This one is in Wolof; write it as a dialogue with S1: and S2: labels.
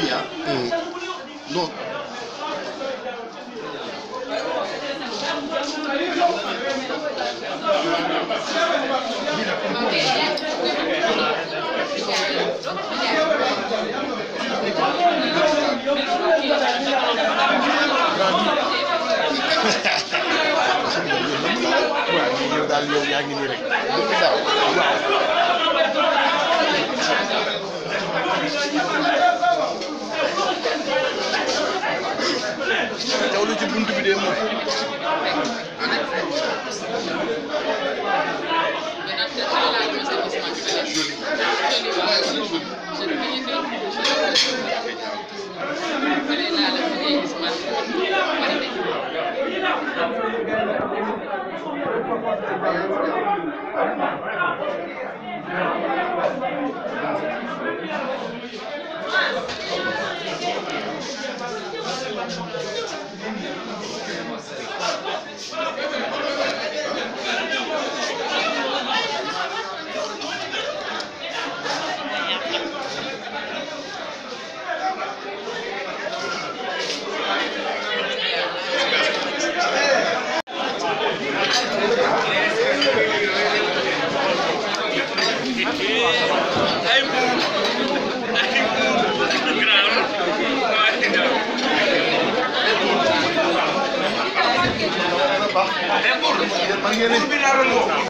S1: Sofia. Donc, waaw yow yaa ngi nii rek. waaw. loolu ci bunt bi dee mooy
S2: Gracias.